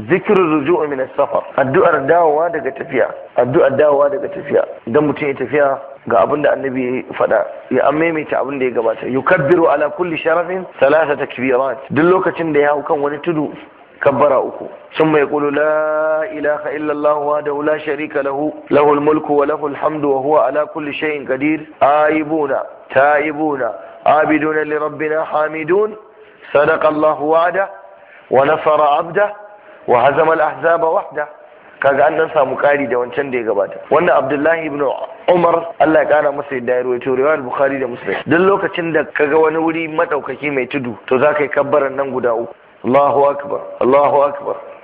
ذكر الرجوع من السفر الدعاء الدعوة دك تفيا الدعاء الدعوة دك تفيا دم تين تفيا ga abin annabi ya faɗa ya an maimaita abin ya gabata yukabbiru ala kulli sharafin salasa takbirat duk lokacin da ya hau kan wani tudu kabbara uku sun mai kulu la ilaha illallah wa da la sharika lahu lahul mulku wa lahul hamdu wa huwa ala kulli shay'in qadir aibuna taibuna abiduna li rabbina hamidun sadaqa allah wa'ada wa nasara abda wa hazama al-ahzaba wahda kaga an dan samu kari da wancan da ya gabata wannan abdullahi ibn umar Allah ya kara masa yadda ya rawaito riwayat bukhari da muslim duk lokacin da kaga wani wuri madaukaki mai tudu to za ka yi kabbaran nan guda uku Allahu akbar Allahu akbar